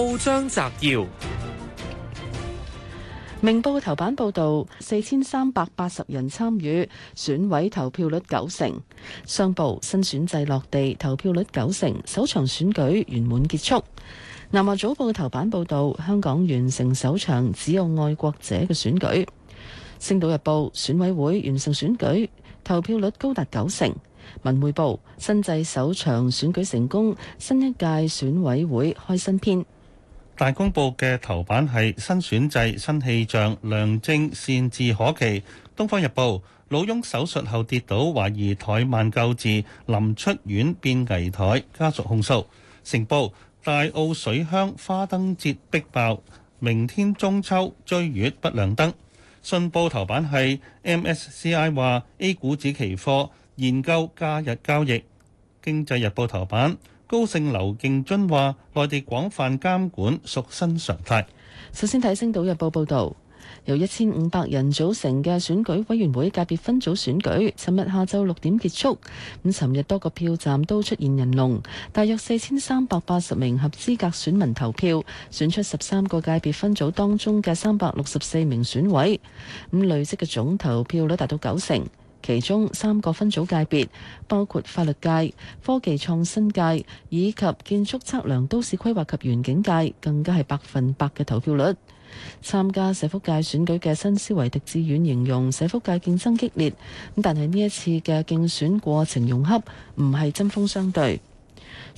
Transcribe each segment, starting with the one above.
報章摘要：明報嘅頭版報道，四千三百八十人參與選委投票率九成；商報新選制落地，投票率九成，首場選舉圓滿結束。南華早報嘅頭版報道，香港完成首場只有愛國者嘅選舉。星島日報選委會完成選舉，投票率高達九成。文匯報新制首場選舉成功，新一屆選委會開新篇。大公報嘅頭版係新選制新氣象，良政善治可期。《東方日報》老翁手術後跌倒，懷疑怠慢救治，臨出院變危殆，家屬控訴。《成報》大澳水鄉花燈節逼爆，明天中秋追月不亮燈。《信報》頭版係 MSCI 話 A 股指期貨研究假日交易。《經濟日報》頭版。高盛劉勁津話：內地廣泛監管屬新常態。首先睇《星島日報》報道，由一千五百人組成嘅選舉委員會界別分組選舉，尋日下晝六點結束。咁尋日多個票站都出現人龍，大約四千三百八十名合資格選民投票，選出十三個界別分組當中嘅三百六十四名選委。咁累積嘅總投票率達到九成。其中三個分組界別包括法律界、科技創新界以及建築測量、都市規劃及園景界，更加係百分百嘅投票率。參加社福界選舉嘅新思維狄志遠形容社福界競爭激烈，但係呢一次嘅競選過程融洽，唔係針鋒相對。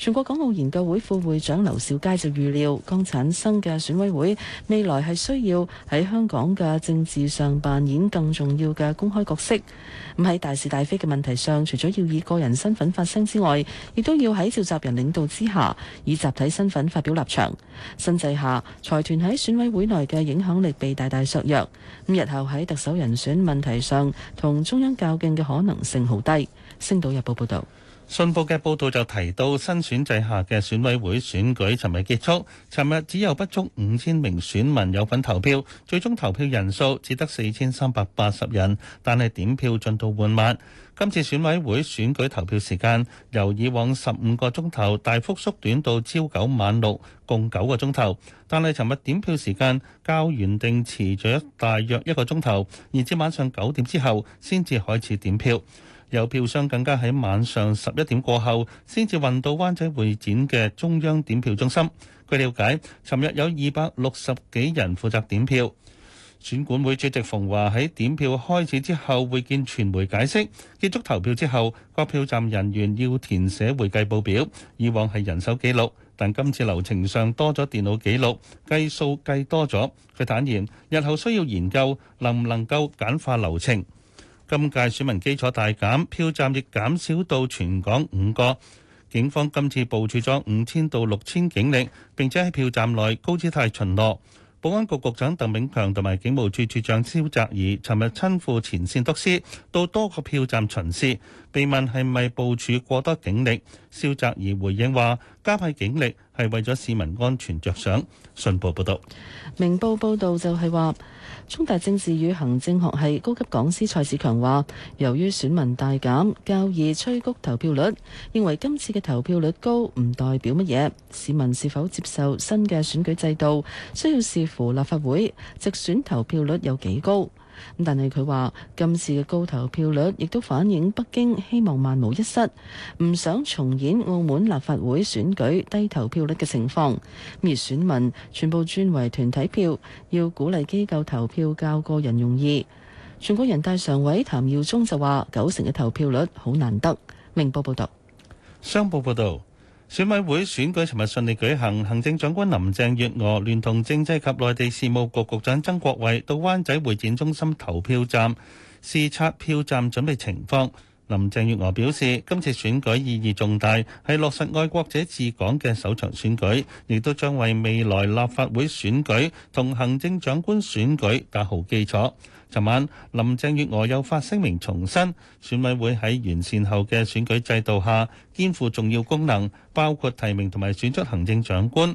全國港澳研究會副會長劉兆佳就預料，剛產生嘅選委會未來係需要喺香港嘅政治上扮演更重要嘅公開角色，咁喺大是大非嘅問題上，除咗要以個人身份發聲之外，亦都要喺召集人領導之下，以集體身份發表立場。新制下，財團喺選委會內嘅影響力被大大削弱，咁日後喺特首人選問題上同中央較勁嘅可能性好低。星島日報報道。信報嘅報道就提到，新選制下嘅選委會選舉尋日結束。尋日只有不足五千名選民有份投票，最終投票人數只得四千三百八十人，但係點票進度緩慢。今次選委會選舉投票時間由以往十五個鐘頭大幅縮短到朝九晚六，共九個鐘頭。但係尋日點票時間較原定遲咗大約一個鐘頭，而至晚上九點之後先至開始點票。有票商，更加喺晚上十一點過後先至運到灣仔會展嘅中央點票中心。據了解，尋日有二百六十幾人負責點票。選管會主席馮驊喺點票開始之後會見傳媒解釋，結束投票之後各票站人員要填寫會計報表。以往係人手記錄，但今次流程上多咗電腦記錄，計數計多咗。佢坦言，日後需要研究能唔能夠簡化流程。今屆選民基礎大減，票站亦減少到全港五個。警方今次部署咗五千到六千警力，並且喺票站內高姿態巡邏。保安局局長鄧炳強同埋警務處處長蕭澤頤尋日親赴前線督師，到多個票站巡視。被問係咪部署過多警力，蕭澤頤回應話：加派警力係為咗市民安全着想。信報報道，明報報道就係話。中大政治與行政學系高級講師蔡志強話，由於選民大減，較易催谷投票率，認為今次嘅投票率高唔代表乜嘢，市民是否接受新嘅選舉制度，需要視乎立法會直選投票率有幾高。但係佢話今次嘅高投票率亦都反映北京希望萬無一失，唔想重演澳門立法會選舉低投票率嘅情況。而選民全部轉為團體票，要鼓勵機構投票較個人容易。全國人大常委譚耀宗就話：九成嘅投票率好難得。明報報導，商報報導。選委會選舉尋日順利舉行，行政長官林鄭月娥聯同政制及內地事務局局局長曾國衛到灣仔會展中心投票站視察票站準備情況。林鄭月娥表示，今次選舉意義重大，係落實愛國者治港嘅首場選舉，亦都將為未來立法會選舉同行政長官選舉打好基礎。尋晚，林鄭月娥又發聲明重申，選委會喺完善後嘅選舉制度下，肩負重要功能，包括提名同埋選出行政長官。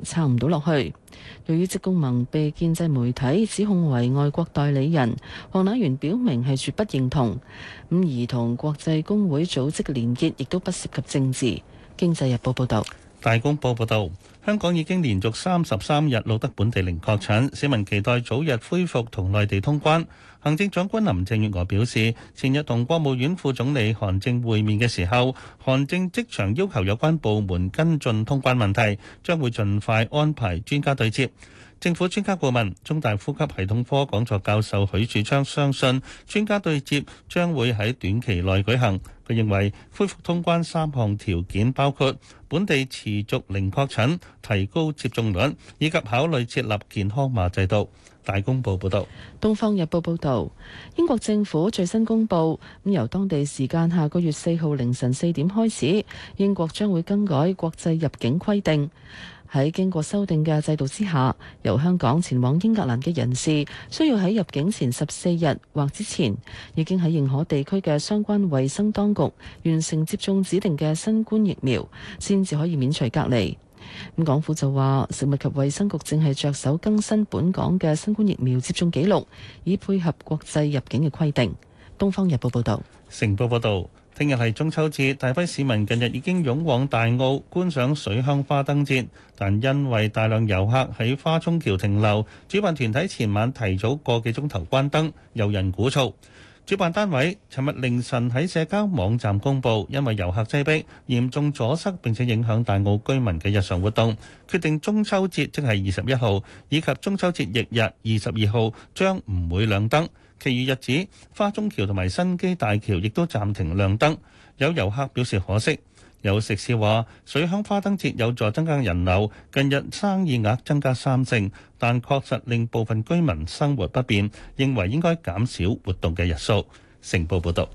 撐唔到落去。對於職工盟被建制媒體指控為外國代理人，黃迺元表明係絕不認同。而同國際工會組織嘅連結亦都不涉及政治。經濟日報報道。大公報報道。香港已經連續三十三日錄得本地零確診，市民期待早日恢復同內地通關。行政長官林鄭月娥表示，前日同國務院副總理韓正會面嘅時候，韓正即場要求有關部門跟進通關問題，將會盡快安排專家對接。政府專家顧問、中大呼吸系統科講座教授許樹昌相信，專家對接將會喺短期內舉行。佢認為恢復通關三項條件包括本地持續零確診、提高接種率以及考慮設立健康碼制度。大公報報導，《東方日報》報道：「英國政府最新公布，咁由當地時間下個月四號凌晨四點開始，英國將會更改國際入境規定。」喺經過修訂嘅制度之下，由香港前往英格蘭嘅人士，需要喺入境前十四日或之前，已經喺認可地區嘅相關衛生當局完成接種指定嘅新冠疫苗，先至可以免除隔離。咁港府就話，食物及衛生局正係着手更新本港嘅新冠疫苗接種記錄，以配合國際入境嘅規定。《東方日報》報道。成報報道。聽日係中秋節，大批市民近日已經湧往大澳觀賞水鄉花燈節，但因為大量遊客喺花涌橋停留，主辦團體前晚提早個幾鐘頭關燈，有人鼓噪。主辦單位尋日凌晨喺社交網站公布，因為遊客擠逼嚴重阻塞並且影響大澳居民嘅日常活動，決定中秋節即係二十一號以及中秋節翌日二十二號將唔會亮燈。其餘日子，花中橋同埋新基大橋亦都暫停亮燈，有遊客表示可惜。有食肆話，水鄉花燈節有助增加人流，近日生意額增加三成，但確實令部分居民生活不便，認為應該減少活動嘅日數。成報報道，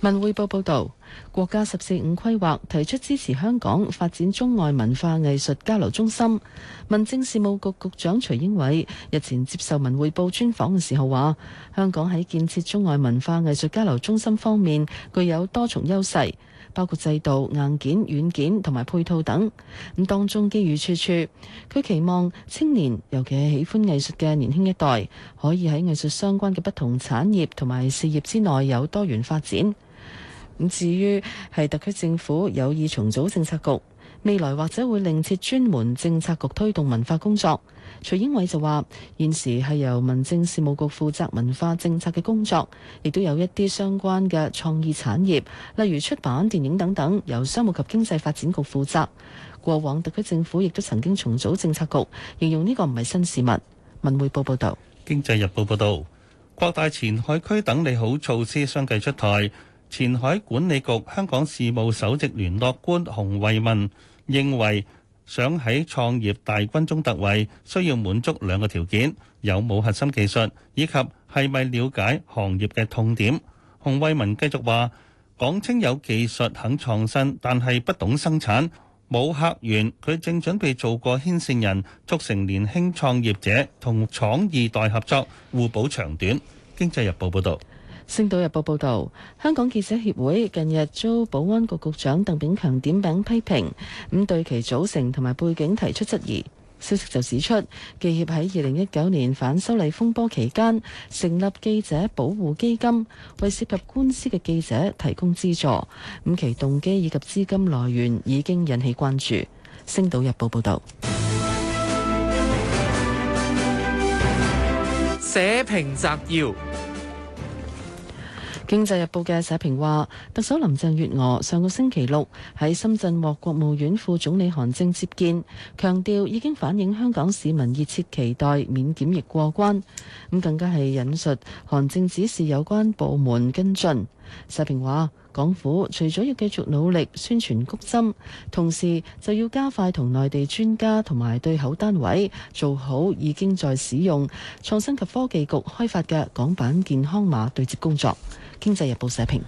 文匯報報道，國家十四五規劃提出支持香港發展中外文化藝術交流中心。民政事務局局長徐英偉日前接受文匯報專訪嘅時候話，香港喺建設中外文化藝術交流中心方面具有多重優勢。包括制度、硬件、軟件同埋配套等，咁當中機遇處處，佢期望青年，尤其係喜歡藝術嘅年輕一代，可以喺藝術相關嘅不同產業同埋事業之內有多元發展。咁至於係特區政府有意重組政策局。未來或者會另設專門政策局推動文化工作。徐英偉就話：現時係由民政事務局負責文化政策嘅工作，亦都有一啲相關嘅創意產業，例如出版、電影等等，由商務及經濟發展局負責。過往特區政府亦都曾經重組政策局，形容呢個唔係新事物。文匯報報導，《經濟日報》報導，擴大前海區等利好措施相繼出台。前海管理局香港事務首席聯絡官洪慧敏。認為想喺創業大軍中突圍，需要滿足兩個條件：有冇核心技術，以及係咪了解行業嘅痛點。洪惠文繼續話，講清有技術肯創新，但係不懂生產冇客源。佢正準備做過牽線人，促成年輕創業者同廠二代合作，互補長短。《經濟日報》報道。星島日報報道，香港記者協會近日遭保安局局長鄧炳強點名批評，咁對其組成同埋背景提出質疑。消息就指出，記協喺二零一九年反修例風波期間成立記者保護基金，為涉及官司嘅記者提供資助，咁其動機以及資金來源已經引起關注。星島日報報道，社評摘要。《經濟日報》嘅社評話，特首林鄭月娥上個星期六喺深圳獲國務院副總理韓正接見，強調已經反映香港市民熱切期待免檢疫過關。咁更加係引述韓正指示有關部門跟進。社評話，港府除咗要繼續努力宣傳谷針，同時就要加快同內地專家同埋對口單位做好已經在使用創新及科技局開發嘅港版健康碼對接工作。經濟日報社評。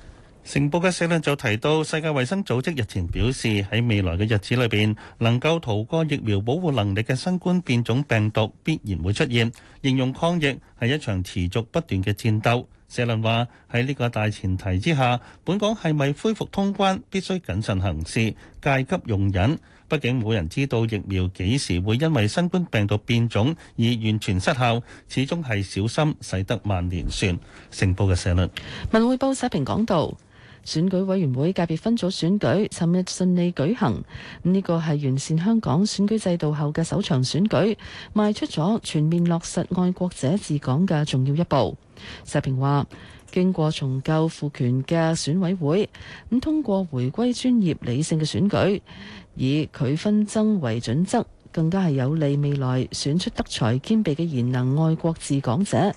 成報嘅社論就提到，世界衛生組織日前表示，喺未來嘅日子裏邊，能夠逃過疫苗保護能力嘅新冠變種病毒必然會出現，形容抗疫係一場持續不斷嘅戰鬥。社論話，喺呢個大前提之下，本港係咪恢復通關，必須謹慎行事，戒急用忍。畢竟冇人知道疫苗幾時會因為新冠病毒變種而完全失效，始終係小心使得萬年船。成報嘅社論。文匯報社評講道，選舉委員會界別分組選舉，尋日順利舉行。呢個係完善香港選舉制度後嘅首場選舉，邁出咗全面落實愛國者治港嘅重要一步。社評話：經過重構賦權嘅選委會，咁通過回歸專業理性嘅選舉，以拒紛爭為準則，更加係有利未來選出德才兼備嘅賢能愛國治港者，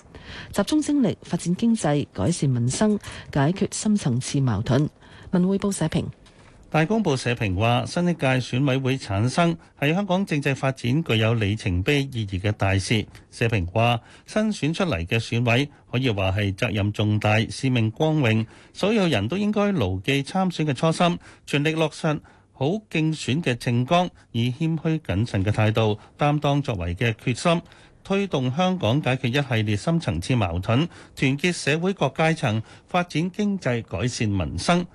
集中精力發展經濟，改善民生，解決深層次矛盾。文匯報社評。大公報社評話，新一屆選委會產生係香港政制發展具有里程碑意義嘅大事。社評話，新選出嚟嘅選委可以話，係責任重大、使命光榮，所有人都應該牢記參選嘅初心，全力落實好競選嘅政綱，以謙虛謹慎嘅態度擔當作為嘅決心，推動香港解決一系列深層次矛盾，團結社會各階層發展經濟，改善民生。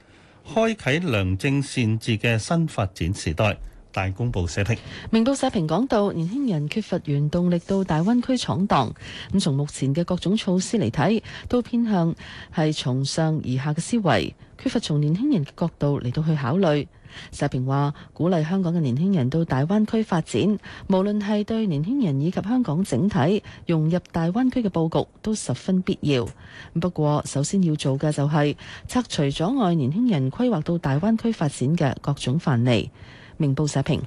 開啟良政善治嘅新發展時代。大公報社評，明報社評講到，年輕人缺乏原動力到大灣區闖蕩。咁從目前嘅各種措施嚟睇，都偏向係從上而下嘅思維，缺乏從年輕人嘅角度嚟到去考慮。社評話，鼓勵香港嘅年輕人到大灣區發展，無論係對年輕人以及香港整體融入大灣區嘅布局都十分必要。不過，首先要做嘅就係、是、拆除阻礙年輕人規劃到大灣區發展嘅各種藩籬。明報社評。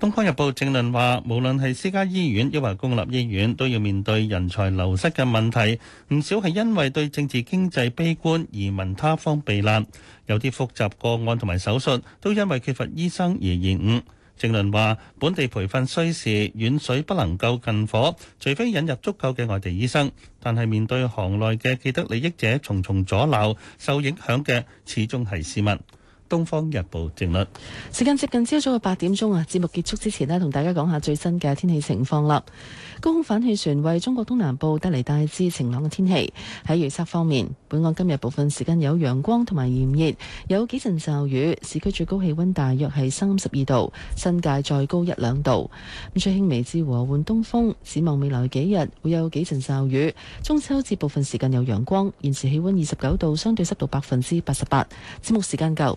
《東方日報》正論話，無論係私家醫院抑或公立醫院，都要面對人才流失嘅問題。唔少係因為對政治經濟悲觀而移民他方避難。有啲複雜個案同埋手術，都因為缺乏醫生而延誤。正論話，本地培訓需時遠水不能夠近火，除非引入足夠嘅外地醫生。但係面對行內嘅既得利益者重重阻撓，受影響嘅始終係市民。《東方日報正》鄭律，時間接近朝早嘅八點鐘啊！節目結束之前呢，同大家講下最新嘅天氣情況啦。高空反氣旋為中國東南部帶嚟大致晴朗嘅天氣。喺預測方面，本案今日部分時間有陽光同埋炎熱，有幾陣驟雨。市區最高氣溫大約係三十二度，新界再高一兩度。咁吹輕微至和緩東風，展望未來幾日會有幾陣驟雨。中秋至部分時間有陽光。現時氣溫二十九度，相對濕度百分之八十八。節目時間夠